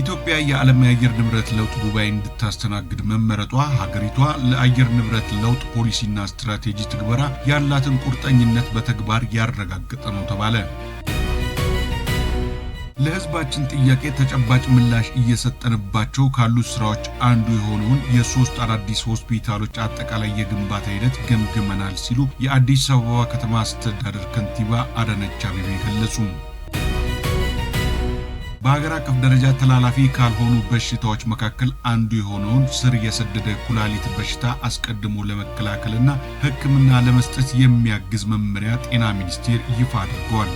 ኢትዮጵያ የዓለም የአየር ንብረት ለውጥ ጉባኤ እንድታስተናግድ መመረጧ ሀገሪቷ ለአየር ንብረት ለውጥ ፖሊሲና ስትራቴጂ ትግበራ ያላትን ቁርጠኝነት በተግባር ያረጋገጠ ነው ተባለ። ለህዝባችን ጥያቄ ተጨባጭ ምላሽ እየሰጠንባቸው ካሉት ስራዎች አንዱ የሆነውን የሶስት አዳዲስ ሆስፒታሎች አጠቃላይ የግንባታ ሂደት ገምግመናል ሲሉ የአዲስ አበባ ከተማ አስተዳደር ከንቲባ አዳነች አቤቤ ገለጹ። በሀገር አቀፍ ደረጃ ተላላፊ ካልሆኑ በሽታዎች መካከል አንዱ የሆነውን ስር የሰደደ ኩላሊት በሽታ አስቀድሞ ለመከላከልና ሕክምና ለመስጠት የሚያግዝ መመሪያ ጤና ሚኒስቴር ይፋ አድርገዋል።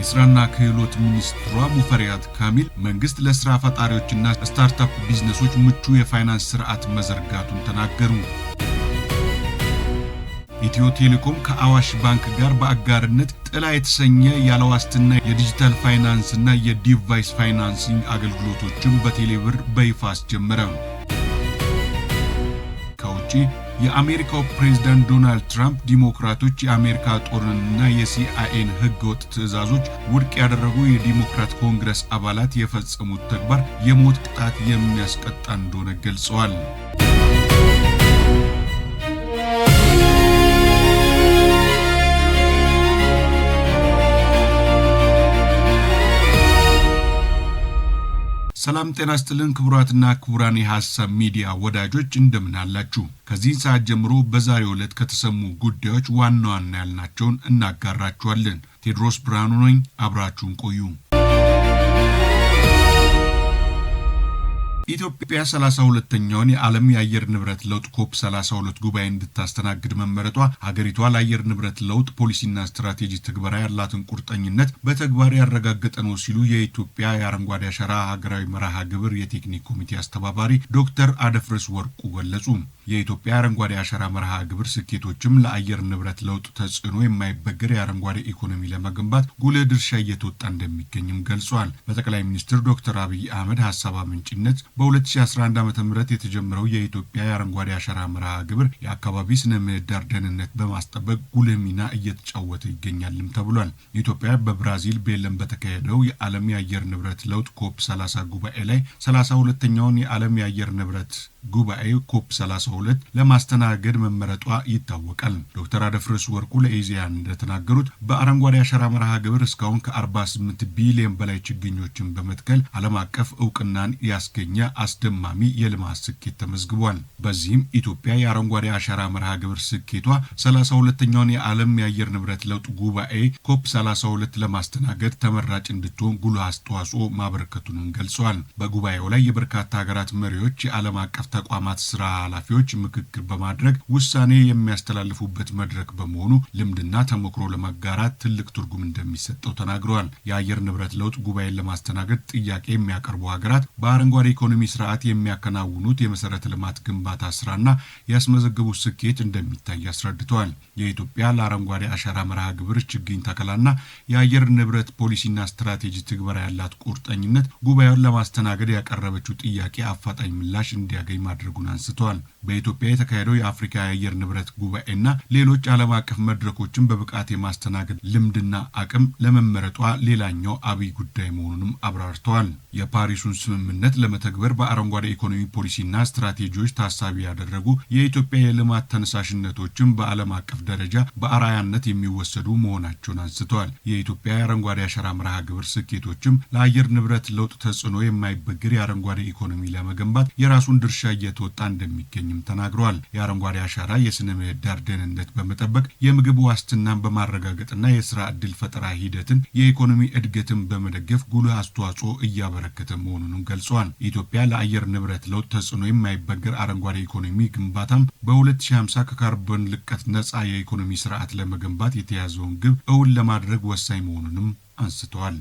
የስራና ክህሎት ሚኒስትሯ ሙፈሪያት ካሚል መንግስት ለስራ ፈጣሪዎችና ስታርታፕ ቢዝነሶች ምቹ የፋይናንስ ስርዓት መዘርጋቱን ተናገሩ። ኢትዮ ቴሌኮም ከአዋሽ ባንክ ጋር በአጋርነት ጥላ የተሰኘ ያለ ዋስትና የዲጂታል ፋይናንስና የዲቫይስ ፋይናንሲንግ አገልግሎቶችን በቴሌብር በይፋ አስጀመረ። ከውጪ የአሜሪካው ፕሬዝዳንት ዶናልድ ትራምፕ ዲሞክራቶች የአሜሪካ ጦርንና የሲአይኤን ወጥ ትዕዛዞች ውድቅ ያደረጉ የዲሞክራት ኮንግረስ አባላት የፈጸሙት ተግባር የሞት ቅጣት የሚያስቀጣ እንደሆነ ገልጸዋል። ሰላም ጤና ስትልን ክቡራትና ክቡራን የሐሳብ ሚዲያ ወዳጆች እንደምን አላችሁ? ከዚህ ሰዓት ጀምሮ በዛሬው ዕለት ከተሰሙ ጉዳዮች ዋና ዋና ያልናቸውን እናጋራችኋለን። ቴድሮስ ብርሃኑ ነኝ። አብራችሁን ቆዩ። ኢትዮጵያ 32ኛውን የዓለም የአየር ንብረት ለውጥ ኮፕ 32 ጉባኤ እንድታስተናግድ መመረጧ ሀገሪቷ ለአየር ንብረት ለውጥ ፖሊሲና ስትራቴጂ ትግበራ ያላትን ቁርጠኝነት በተግባር ያረጋገጠ ነው ሲሉ የኢትዮጵያ የአረንጓዴ አሻራ ሀገራዊ መርሃ ግብር የቴክኒክ ኮሚቴ አስተባባሪ ዶክተር አደፍርስ ወርቁ ገለጹ። የኢትዮጵያ አረንጓዴ አሻራ መርሃ ግብር ስኬቶችም ለአየር ንብረት ለውጥ ተጽዕኖ የማይበገር የአረንጓዴ ኢኮኖሚ ለመገንባት ጉልህ ድርሻ እየተወጣ እንደሚገኝም ገልጿል። በጠቅላይ ሚኒስትር ዶክተር አብይ አህመድ ሀሳብ አመንጭነት በ2011 ዓ ም የተጀመረው የኢትዮጵያ የአረንጓዴ አሻራ መርሃ ግብር የአካባቢ ስነ ምህዳር ደህንነት በማስጠበቅ ጉልህ ሚና እየተጫወተ ይገኛልም ተብሏል። ኢትዮጵያ በብራዚል ቤለም በተካሄደው የዓለም የአየር ንብረት ለውጥ ኮፕ 30 ጉባኤ ላይ 32ኛውን የዓለም የአየር ንብረት ጉባኤ ኮፕ 3 በሁለት ለማስተናገድ መመረጧ ይታወቃል። ዶክተር አደፍረስ ወርቁ ለኢዜአ እንደተናገሩት በአረንጓዴ አሻራ መርሃ ግብር እስካሁን ከ48 ቢሊዮን በላይ ችግኞችን በመትከል ዓለም አቀፍ እውቅናን ያስገኘ አስደማሚ የልማት ስኬት ተመዝግቧል። በዚህም ኢትዮጵያ የአረንጓዴ አሻራ መርሃ ግብር ስኬቷ 32ኛውን የዓለም የአየር ንብረት ለውጥ ጉባኤ ኮፕ 32 ለማስተናገድ ተመራጭ እንድትሆን ጉልህ አስተዋጽኦ ማበረከቱንም ገልጸዋል። በጉባኤው ላይ የበርካታ ሀገራት መሪዎች፣ የዓለም አቀፍ ተቋማት ስራ ኃላፊዎች፣ ጉዳዮች ምክክር በማድረግ ውሳኔ የሚያስተላልፉበት መድረክ በመሆኑ ልምድና ተሞክሮ ለማጋራት ትልቅ ትርጉም እንደሚሰጠው ተናግረዋል። የአየር ንብረት ለውጥ ጉባኤን ለማስተናገድ ጥያቄ የሚያቀርቡ ሀገራት በአረንጓዴ ኢኮኖሚ ስርዓት የሚያከናውኑት የመሰረተ ልማት ግንባታ ስራና ያስመዘገቡት ስኬት እንደሚታይ አስረድተዋል። የኢትዮጵያ ለአረንጓዴ አሻራ መርሃ ግብር ችግኝ ተከላና የአየር ንብረት ፖሊሲና ስትራቴጂ ትግበራ ያላት ቁርጠኝነት ጉባኤውን ለማስተናገድ ያቀረበችው ጥያቄ አፋጣኝ ምላሽ እንዲያገኝ ማድረጉን አንስተዋል። በኢትዮጵያ የተካሄደው የአፍሪካ የአየር ንብረት ጉባኤና ሌሎች ዓለም አቀፍ መድረኮችን በብቃት የማስተናገድ ልምድና አቅም ለመመረጧ ሌላኛው አብይ ጉዳይ መሆኑንም አብራርተዋል። የፓሪሱን ስምምነት ለመተግበር በአረንጓዴ ኢኮኖሚ ፖሊሲና ስትራቴጂዎች ታሳቢ ያደረጉ የኢትዮጵያ የልማት ተነሳሽነቶችን በዓለም አቀፍ ደረጃ በአራያነት የሚወሰዱ መሆናቸውን አንስተዋል። የኢትዮጵያ የአረንጓዴ አሻራ መርሃ ግብር ስኬቶችም ለአየር ንብረት ለውጥ ተጽዕኖ የማይበግር የአረንጓዴ ኢኮኖሚ ለመገንባት የራሱን ድርሻ እየተወጣ እንደሚገኝም ተናግረዋል። የአረንጓዴ አሻራ የስነ ምህዳር ደህንነት በመጠበቅ የምግብ ዋስትናን በማረጋገጥና የስራ ዕድል ፈጠራ ሂደትን የኢኮኖሚ እድገትን በመደገፍ ጉልህ አስተዋጽኦ እያበረከተ መሆኑንም ገልጸዋል። ኢትዮጵያ ለአየር ንብረት ለውጥ ተጽዕኖ የማይበገር አረንጓዴ ኢኮኖሚ ግንባታም በ2050 ከካርቦን ልቀት ነጻ የኢኮኖሚ ስርዓት ለመገንባት የተያዘውን ግብ እውን ለማድረግ ወሳኝ መሆኑንም አንስተዋል።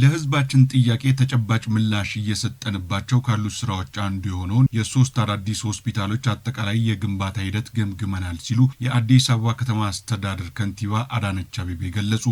ለህዝባችን ጥያቄ ተጨባጭ ምላሽ እየሰጠንባቸው ካሉት ስራዎች አንዱ የሆነውን የሶስት አዳዲስ ሆስፒታሎች አጠቃላይ የግንባታ ሂደት ገምግመናል ሲሉ የአዲስ አበባ ከተማ አስተዳደር ከንቲባ አዳነች አቤቤ ገለጹ።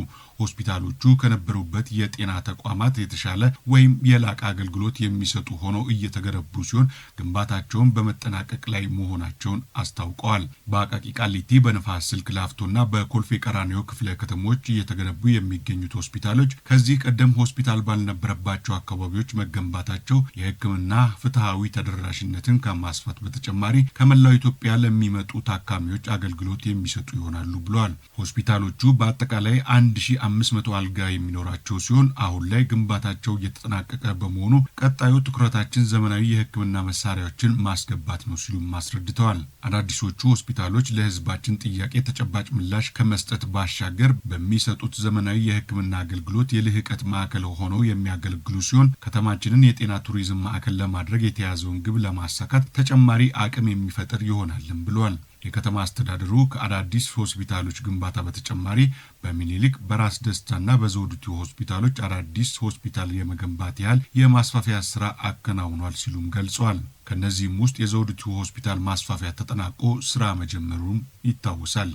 ሆስፒታሎቹ ከነበሩበት የጤና ተቋማት የተሻለ ወይም የላቀ አገልግሎት የሚሰጡ ሆነው እየተገነቡ ሲሆን ግንባታቸውን በመጠናቀቅ ላይ መሆናቸውን አስታውቀዋል። በአቃቂ ቃሊቲ፣ በንፋስ ስልክ ላፍቶና በኮልፌ ቀራኒዮ ክፍለ ከተሞች እየተገነቡ የሚገኙት ሆስፒታሎች ከዚህ ቀደም ሆስፒታል ባልነበረባቸው አካባቢዎች መገንባታቸው የሕክምና ፍትሐዊ ተደራሽነትን ከማስፋት በተጨማሪ ከመላው ኢትዮጵያ ለሚመጡ ታካሚዎች አገልግሎት የሚሰጡ ይሆናሉ ብለዋል። ሆስፒታሎቹ በአጠቃላይ አንድ ሺህ አምስት መቶ አልጋ የሚኖራቸው ሲሆን አሁን ላይ ግንባታቸው እየተጠናቀቀ በመሆኑ ቀጣዩ ትኩረታችን ዘመናዊ የሕክምና መሳሪያዎችን ማስገባት ነው ሲሉም አስረድተዋል። አዳዲሶቹ ሆስፒታሎች ለሕዝባችን ጥያቄ ተጨባጭ ምላሽ ከመስጠት ባሻገር በሚሰጡት ዘመናዊ የሕክምና አገልግሎት የልህቀት ማዕከል ሆነው የሚያገለግሉ ሲሆን ከተማችንን የጤና ቱሪዝም ማዕከል ለማድረግ የተያዘውን ግብ ለማሳካት ተጨማሪ አቅም የሚፈጥር ይሆናልም ብሏል። የከተማ አስተዳደሩ ከአዳዲስ ሆስፒታሎች ግንባታ በተጨማሪ በሚኒሊክ በራስ ደስታና በዘውድቱ ሆስፒታሎች አዳዲስ ሆስፒታል የመገንባት ያህል የማስፋፊያ ስራ አከናውኗል ሲሉም ገልጿል። ከእነዚህም ውስጥ የዘውድቱ ሆስፒታል ማስፋፊያ ተጠናቆ ስራ መጀመሩም ይታወሳል።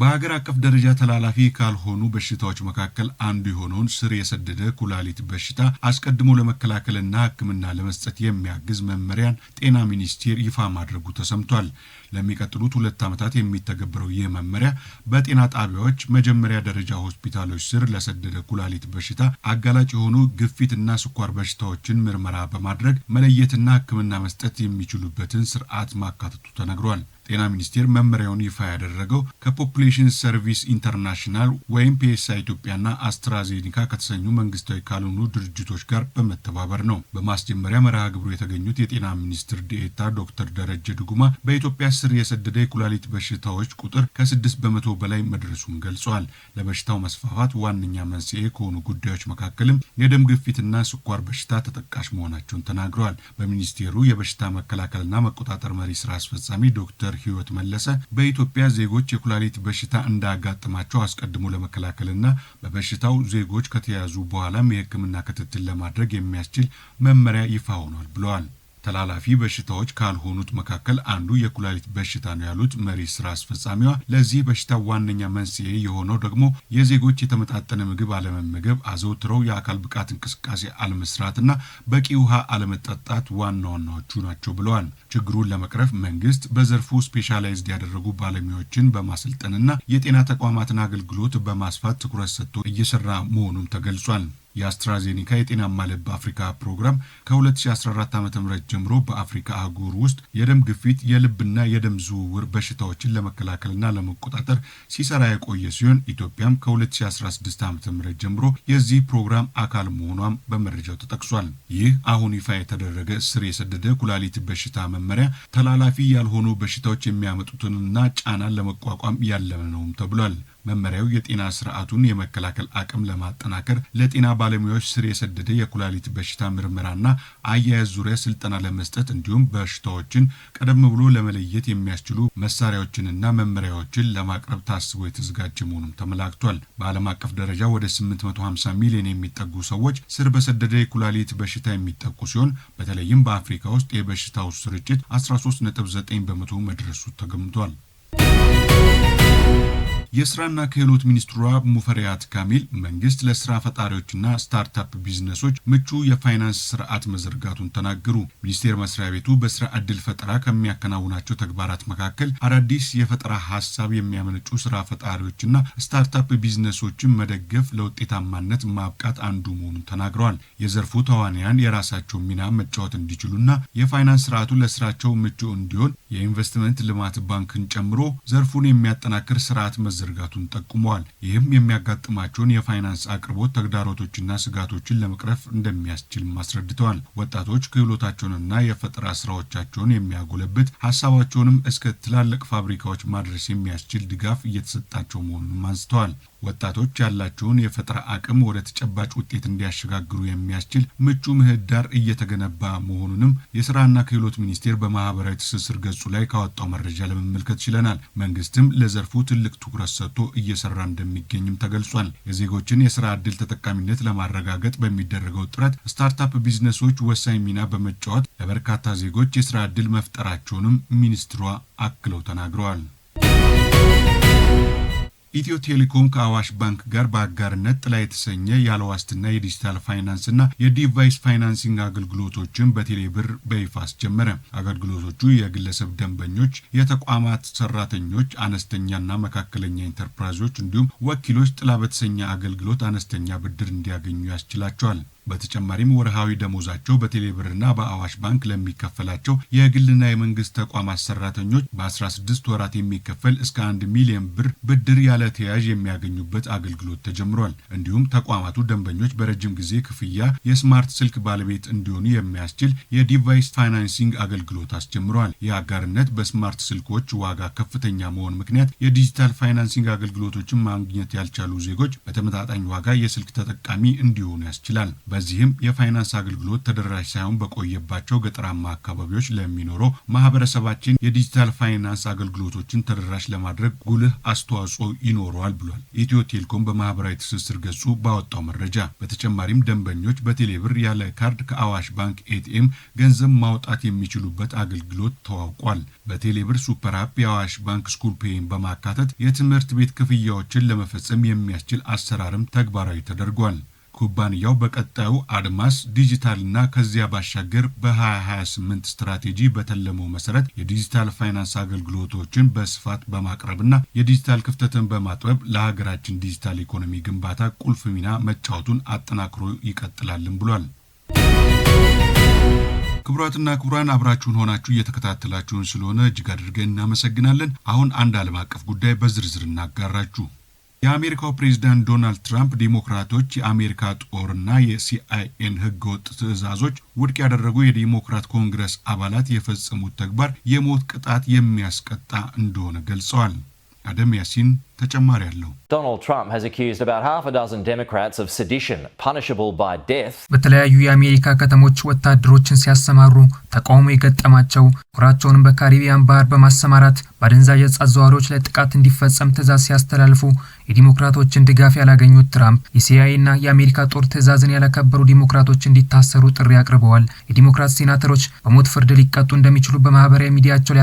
በሀገር አቀፍ ደረጃ ተላላፊ ካልሆኑ በሽታዎች መካከል አንዱ የሆነውን ስር የሰደደ ኩላሊት በሽታ አስቀድሞ ለመከላከልና ሕክምና ለመስጠት የሚያግዝ መመሪያን ጤና ሚኒስቴር ይፋ ማድረጉ ተሰምቷል። ለሚቀጥሉት ሁለት ዓመታት የሚተገበረው ይህ መመሪያ በጤና ጣቢያዎች፣ መጀመሪያ ደረጃ ሆስፒታሎች ስር ለሰደደ ኩላሊት በሽታ አጋላጭ የሆኑ ግፊትና ስኳር በሽታዎችን ምርመራ በማድረግ መለየትና ሕክምና መስጠት የሚችሉበትን ስርዓት ማካተቱ ተነግሯል። ጤና ሚኒስቴር መመሪያውን ይፋ ያደረገው ከፖፑሌሽን ሰርቪስ ኢንተርናሽናል ወይም ፒኤስአ ኢትዮጵያና አስትራዜኒካ ከተሰኙ መንግስታዊ ካልሆኑ ድርጅቶች ጋር በመተባበር ነው። በማስጀመሪያ መርሃ ግብሩ የተገኙት የጤና ሚኒስትር ዴኤታ ዶክተር ደረጀ ድጉማ በኢትዮጵያ ስር የሰደደ የኩላሊት በሽታዎች ቁጥር ከስድስት በመቶ በላይ መድረሱን ገልጿል። ለበሽታው መስፋፋት ዋነኛ መንስኤ ከሆኑ ጉዳዮች መካከልም የደም ግፊትና ስኳር በሽታ ተጠቃሽ መሆናቸውን ተናግረዋል። በሚኒስቴሩ የበሽታ መከላከልና መቆጣጠር መሪ ስራ አስፈጻሚ ዶክተር ዶክተር ህይወት መለሰ በኢትዮጵያ ዜጎች የኩላሊት በሽታ እንዳያጋጥማቸው አስቀድሞ ለመከላከልና በበሽታው ዜጎች ከተያዙ በኋላም የህክምና ክትትል ለማድረግ የሚያስችል መመሪያ ይፋ ሆኗል ብለዋል። ተላላፊ በሽታዎች ካልሆኑት መካከል አንዱ የኩላሊት በሽታ ነው ያሉት መሪ ስራ አስፈጻሚዋ፣ ለዚህ በሽታ ዋነኛ መንስኤ የሆነው ደግሞ የዜጎች የተመጣጠነ ምግብ አለመመገብ፣ አዘውትረው የአካል ብቃት እንቅስቃሴ አለመስራትና በቂ ውሃ አለመጠጣት ዋና ዋናዎቹ ናቸው ብለዋል። ችግሩን ለመቅረፍ መንግስት በዘርፉ ስፔሻላይዝድ ያደረጉ ባለሙያዎችን በማሰልጠንና የጤና ተቋማትን አገልግሎት በማስፋት ትኩረት ሰጥቶ እየሰራ መሆኑም ተገልጿል። የአስትራዜኒካ የጤናማ ልብ አፍሪካ ፕሮግራም ከ2014 ዓ ም ጀምሮ በአፍሪካ አህጉር ውስጥ የደም ግፊት፣ የልብና የደም ዝውውር በሽታዎችን ለመከላከልና ለመቆጣጠር ሲሰራ የቆየ ሲሆን ኢትዮጵያም ከ2016 ዓ ም ጀምሮ የዚህ ፕሮግራም አካል መሆኗም በመረጃው ተጠቅሷል። ይህ አሁን ይፋ የተደረገ ስር የሰደደ ኩላሊት በሽታ መመሪያ ተላላፊ ያልሆኑ በሽታዎች የሚያመጡትንና ጫናን ለመቋቋም ያለመ ነውም ተብሏል። መመሪያው የጤና ስርዓቱን የመከላከል አቅም ለማጠናከር ለጤና ባለሙያዎች ስር የሰደደ የኩላሊት በሽታ ምርመራና አያያዝ ዙሪያ ስልጠና ለመስጠት እንዲሁም በሽታዎችን ቀደም ብሎ ለመለየት የሚያስችሉ መሳሪያዎችንና መመሪያዎችን ለማቅረብ ታስቦ የተዘጋጀ መሆኑም ተመላክቷል። በዓለም አቀፍ ደረጃ ወደ 850 ሚሊዮን የሚጠጉ ሰዎች ስር በሰደደ የኩላሊት በሽታ የሚጠቁ ሲሆን በተለይም በአፍሪካ ውስጥ የበሽታው ስርጭት 13.9 በመቶ መድረሱ ተገምቷል። የስራና ክህሎት ሚኒስትሯ ሙፈሪያት ካሚል መንግስት ለስራ ፈጣሪዎችና ስታርታፕ ቢዝነሶች ምቹ የፋይናንስ ስርዓት መዘርጋቱን ተናገሩ። ሚኒስቴር መስሪያ ቤቱ በስራ ዕድል ፈጠራ ከሚያከናውናቸው ተግባራት መካከል አዳዲስ የፈጠራ ሀሳብ የሚያመነጩ ስራ ፈጣሪዎችና ስታርታፕ ቢዝነሶችን መደገፍ፣ ለውጤታማነት ማብቃት አንዱ መሆኑን ተናግረዋል። የዘርፉ ተዋንያን የራሳቸውን ሚና መጫወት እንዲችሉና የፋይናንስ ስርዓቱ ለስራቸው ምቹ እንዲሆን የኢንቨስትመንት ልማት ባንክን ጨምሮ ዘርፉን የሚያጠናክር ስርዓት መዘርጋቱን ጠቁመዋል። ይህም የሚያጋጥማቸውን የፋይናንስ አቅርቦት ተግዳሮቶችና ስጋቶችን ለመቅረፍ እንደሚያስችል አስረድተዋል። ወጣቶች ክህሎታቸውንና የፈጠራ ስራዎቻቸውን የሚያጎለብት ሀሳባቸውንም እስከ ትላልቅ ፋብሪካዎች ማድረስ የሚያስችል ድጋፍ እየተሰጣቸው መሆኑንም አንስተዋል። ወጣቶች ያላቸውን የፈጠራ አቅም ወደ ተጨባጭ ውጤት እንዲያሸጋግሩ የሚያስችል ምቹ ምህዳር እየተገነባ መሆኑንም የስራና ክህሎት ሚኒስቴር በማህበራዊ ትስስር ገጹ ላይ ካወጣው መረጃ ለመመልከት ችለናል። መንግስትም ለዘርፉ ትልቅ ትኩረት ሰጥቶ እየሰራ እንደሚገኝም ተገልጿል። የዜጎችን የስራ ዕድል ተጠቃሚነት ለማረጋገጥ በሚደረገው ጥረት ስታርታፕ ቢዝነሶች ወሳኝ ሚና በመጫወት ለበርካታ ዜጎች የስራ ዕድል መፍጠራቸውንም ሚኒስትሯ አክለው ተናግረዋል። ኢትዮ ቴሌኮም ከአዋሽ ባንክ ጋር በአጋርነት ጥላ የተሰኘ ያለ ዋስትና የዲጂታል እና የዲቫይስ ፋይናንሲንግ አገልግሎቶችን በቴሌብር በይፋ አስጀመረ። አገልግሎቶቹ የግለሰብ ደንበኞች፣ የተቋማት ሰራተኞች፣ አነስተኛና መካከለኛ ኢንተርፕራይዞች እንዲሁም ወኪሎች ጥላ በተሰኘ አገልግሎት አነስተኛ ብድር እንዲያገኙ ያስችላቸዋል። በተጨማሪም ወርሃዊ ደሞዛቸው በቴሌብርና በአዋሽ ባንክ ለሚከፈላቸው የግልና የመንግስት ተቋማት ሰራተኞች በ16 ወራት የሚከፈል እስከ 1 ሚሊዮን ብር ብድር ያለ ተያዥ የሚያገኙበት አገልግሎት ተጀምሯል። እንዲሁም ተቋማቱ ደንበኞች በረጅም ጊዜ ክፍያ የስማርት ስልክ ባለቤት እንዲሆኑ የሚያስችል የዲቫይስ ፋይናንሲንግ አገልግሎት አስጀምረዋል። የአጋርነት በስማርት ስልኮች ዋጋ ከፍተኛ መሆን ምክንያት የዲጂታል ፋይናንሲንግ አገልግሎቶችን ማግኘት ያልቻሉ ዜጎች በተመጣጣኝ ዋጋ የስልክ ተጠቃሚ እንዲሆኑ ያስችላል። በዚህም የፋይናንስ አገልግሎት ተደራሽ ሳይሆን በቆየባቸው ገጠራማ አካባቢዎች ለሚኖረው ማህበረሰባችን የዲጂታል ፋይናንስ አገልግሎቶችን ተደራሽ ለማድረግ ጉልህ አስተዋጽኦ ይኖረዋል ብሏል። ኢትዮ ቴሌኮም በማህበራዊ ትስስር ገጹ ባወጣው መረጃ በተጨማሪም ደንበኞች በቴሌብር ያለ ካርድ ከአዋሽ ባንክ ኤቲኤም ገንዘብ ማውጣት የሚችሉበት አገልግሎት ተዋውቋል። በቴሌብር ሱፐር አፕ የአዋሽ ባንክ ስኩል ፔይን በማካተት የትምህርት ቤት ክፍያዎችን ለመፈጸም የሚያስችል አሰራርም ተግባራዊ ተደርጓል። ኩባንያው በቀጣዩ አድማስ ዲጂታልና ከዚያ ባሻገር በ2028 ስትራቴጂ በተለመው መሰረት የዲጂታል ፋይናንስ አገልግሎቶችን በስፋት በማቅረብና የዲጂታል ክፍተትን በማጥበብ ለሀገራችን ዲጂታል ኢኮኖሚ ግንባታ ቁልፍ ሚና መጫወቱን አጠናክሮ ይቀጥላልን ብሏል። ክቡራትና ክቡራን አብራችሁን ሆናችሁ እየተከታተላችሁን ስለሆነ እጅግ አድርገን እናመሰግናለን። አሁን አንድ ዓለም አቀፍ ጉዳይ በዝርዝር እናጋራችሁ። የአሜሪካው ፕሬዚዳንት ዶናልድ ትራምፕ ዲሞክራቶች የአሜሪካ ጦርና የሲአይኤን ህገወጥ ትዕዛዞች ውድቅ ያደረጉ የዲሞክራት ኮንግረስ አባላት የፈጸሙት ተግባር የሞት ቅጣት የሚያስቀጣ እንደሆነ ገልጸዋል። አደም ያሲን ተጨማሪ አለው። በተለያዩ የአሜሪካ ከተሞች ወታደሮችን ሲያሰማሩ ተቃውሞ የገጠማቸው ጦራቸውንም በካሪቢያን ባህር በማሰማራት በአደንዛዥ ዕፅ አዘዋዋሪዎች ላይ ጥቃት እንዲፈጸም ትእዛዝ ሲያስተላልፉ የዲሞክራቶችን ድጋፍ ያላገኙት ትራምፕ የሲአይኤና የአሜሪካ ጦር ትዕዛዝን ያላከበሩ ዲሞክራቶች እንዲታሰሩ ጥሪ አቅርበዋል። የዲሞክራት ሴናተሮች በሞት ፍርድ ሊቀጡ እንደሚችሉ በማህበራዊ ሚዲያቸው ላይ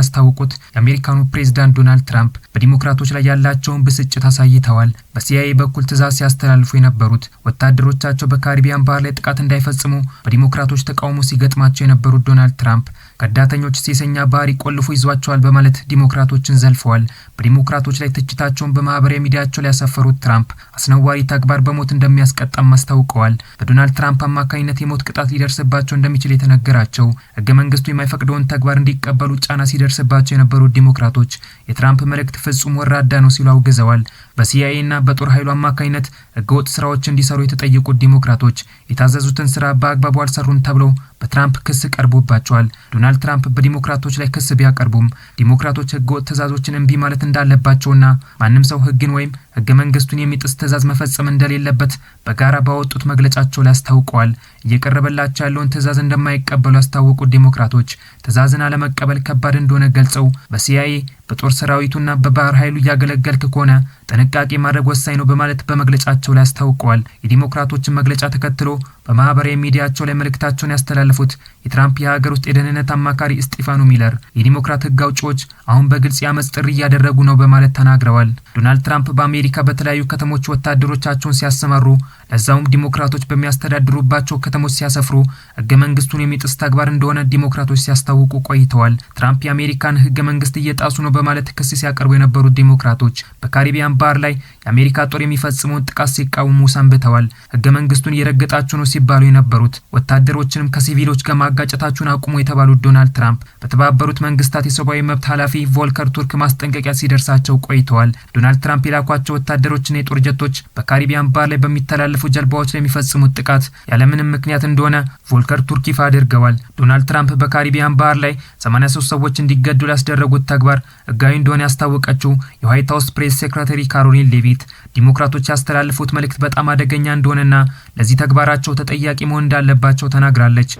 የአሜሪካኑ ፕሬዚዳንት ዶናልድ ትራምፕ በዲሞክራቶች ላይ ያላቸውን ያለውን ብስጭት አሳይተዋል። በሲአይኤ በኩል ትዛዝ ሲያስተላልፉ የነበሩት ወታደሮቻቸው በካሪቢያን ባህር ላይ ጥቃት እንዳይፈጽሙ በዲሞክራቶች ተቃውሞ ሲገጥማቸው የነበሩት ዶናልድ ትራምፕ ከዳተኞች ሴሰኛ ባህሪ ቆልፎ ይዟቸዋል በማለት ዲሞክራቶችን ዘልፈዋል። በዲሞክራቶች ላይ ትችታቸውን በማህበራዊ ሚዲያቸው ላይ ያሰፈሩት ትራምፕ አስነዋሪ ተግባር በሞት እንደሚያስቀጣም አስታውቀዋል። በዶናልድ ትራምፕ አማካኝነት የሞት ቅጣት ሊደርስባቸው እንደሚችል የተነገራቸው ህገ መንግስቱ የማይፈቅደውን ተግባር እንዲቀበሉ ጫና ሲደርስባቸው የነበሩት ዲሞክራቶች የትራምፕ መልእክት ፍጹም ወራዳ ነው ሲሉ አውግዘዋል። በሲአይኤ እና በጦር ኃይሉ አማካኝነት ህገወጥ ስራዎች እንዲሰሩ የተጠየቁት ዲሞክራቶች የታዘዙትን ስራ በአግባቡ አልሰሩም ተብለው በትራምፕ ክስ ቀርቦባቸዋል። ዶናልድ ትራምፕ በዲሞክራቶች ላይ ክስ ቢያቀርቡም ዲሞክራቶች ህገወጥ ትእዛዞችን እምቢ ማለት እንዳለባቸውና ማንም ሰው ህግን ወይም ህገ መንግስቱን የሚጥስ ትእዛዝ መፈጸም እንደሌለበት በጋራ ባወጡት መግለጫቸው ላይ አስታውቀዋል። እየቀረበላቸው ያለውን ትእዛዝ እንደማይቀበሉ ያስታወቁት ዲሞክራቶች ትእዛዝን አለመቀበል ከባድ እንደሆነ ገልጸው በሲአይኤ በጦር ሰራዊቱና በባህር ኃይሉ እያገለገልክ ከሆነ ጥንቃቄ ማድረግ ወሳኝ ነው በማለት በመግለጫቸው ላይ አስታውቀዋል። የዲሞክራቶችን መግለጫ ተከትሎ በማህበራዊ ሚዲያቸው ላይ መልእክታቸውን ያስተላለፉት የትራምፕ የሀገር ውስጥ የደህንነት አማካሪ ስጢፋኖ ሚለር የዲሞክራት ህግ አውጪዎች አሁን በግልጽ የአመፅ ጥሪ እያደረጉ ነው በማለት ተናግረዋል። ዶናልድ ትራምፕ በአሜሪካ በተለያዩ ከተሞች ወታደሮቻቸውን ሲያሰማሩ ለዛውም ዲሞክራቶች በሚያስተዳድሩባቸው ከተሞች ሲያሰፍሩ ህገ መንግስቱን የሚጥስ ተግባር እንደሆነ ዲሞክራቶች ሲያስታውቁ ቆይተዋል። ትራምፕ የአሜሪካን ህገ መንግስት እየጣሱ ነው በማለት ክስ ሲያቀርቡ የነበሩት ዲሞክራቶች በካሪቢያን ባህር ላይ የአሜሪካ ጦር የሚፈጽመውን ጥቃት ሲቃወሙ ሰንብተዋል። ህገ መንግስቱን እየረገጣችሁ ነው ሲባሉ የነበሩት ወታደሮችንም ከሲቪሎች ጋር ማጋጨታችሁን አቁሙ የተባሉት ዶናልድ ትራምፕ በተባበሩት መንግስታት የሰብአዊ መብት ኃላፊ ቮልከር ቱርክ ማስጠንቀቂያ ሲደርሳቸው ቆይተዋል። ዶናልድ ትራምፕ የላኳቸው ወታደሮችና የጦር ጀቶች በካሪቢያን ባህር ላይ በሚተላለፍ የሚያልፉ ጀልባዎች ላይ የሚፈጽሙት ጥቃት ያለምንም ምክንያት እንደሆነ ቮልከር ቱርክ ይፋ አድርገዋል። ዶናልድ ትራምፕ በካሪቢያን ባህር ላይ 83 ሰዎች እንዲገዱ ላስደረጉት ተግባር ህጋዊ እንደሆነ ያስታወቀችው የዋይት ሀውስ ፕሬስ ሴክረታሪ ካሮሊን ሌቪት ዲሞክራቶች ያስተላልፉት መልእክት በጣም አደገኛ እንደሆነና ለዚህ ተግባራቸው ተጠያቂ መሆን እንዳለባቸው ተናግራለች።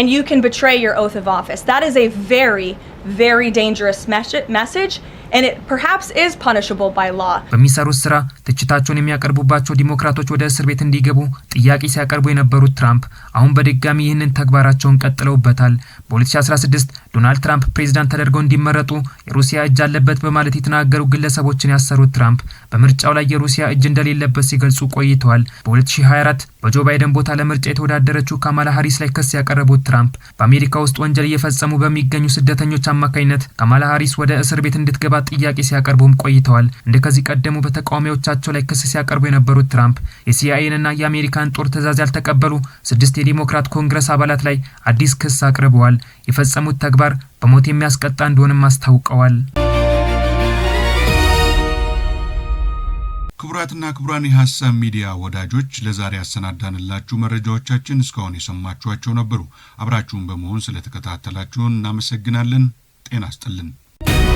and you can betray your oath of office. That is a very, very dangerous message በሚሰሩት ስራ ትችታቸውን የሚያቀርቡባቸው ዲሞክራቶች ወደ እስር ቤት እንዲገቡ ጥያቄ ሲያቀርቡ የነበሩት ትራምፕ አሁን በድጋሚ ይህንን ተግባራቸውን ቀጥለውበታል። በ2016 ዶናልድ ትራምፕ ፕሬዚዳንት ተደርገው እንዲመረጡ የሩሲያ እጅ አለበት በማለት የተናገሩ ግለሰቦችን ያሰሩት ትራምፕ በምርጫው ላይ የሩሲያ እጅ እንደሌለበት ሲገልጹ ቆይተዋል። በ2024 በጆ ባይደን ቦታ ለምርጫ የተወዳደረችው ካማላ ሀሪስ ላይ ክስ ያቀረቡት ትራምፕ በአሜሪካ ውስጥ ወንጀል እየፈጸሙ በሚገኙ ስደተኞች አማካኝነት ካማላ ሀሪስ ወደ እስር ቤት እንድትገባ ጥያቄ ሲያቀርቡም ቆይተዋል። እንደ ከዚህ ቀደሙ በተቃዋሚዎቻቸው ላይ ክስ ሲያቀርቡ የነበሩት ትራምፕ የሲአይኤንና የአሜሪካን ጦር ትዕዛዝ ያልተቀበሉ ስድስት የዲሞክራት ኮንግረስ አባላት ላይ አዲስ ክስ አቅርበዋል። የፈጸሙት ተግባር በሞት የሚያስቀጣ እንደሆንም አስታውቀዋል። ክቡራትና ክቡራን የሀሳብ ሚዲያ ወዳጆች ለዛሬ ያሰናዳንላችሁ መረጃዎቻችን እስካሁን የሰማችኋቸው ነበሩ። አብራችሁን በመሆን ስለተከታተላችሁን እናመሰግናለን። ጤና ይስጥልን።